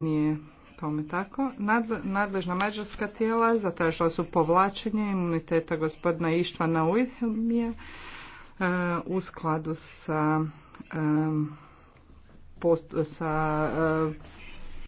nije tome tako. Nadležna mađarska tijela zatražila su povlačenje imuniteta gospodina Ištvana Ujhemija e, u skladu sa, e, post, sa e,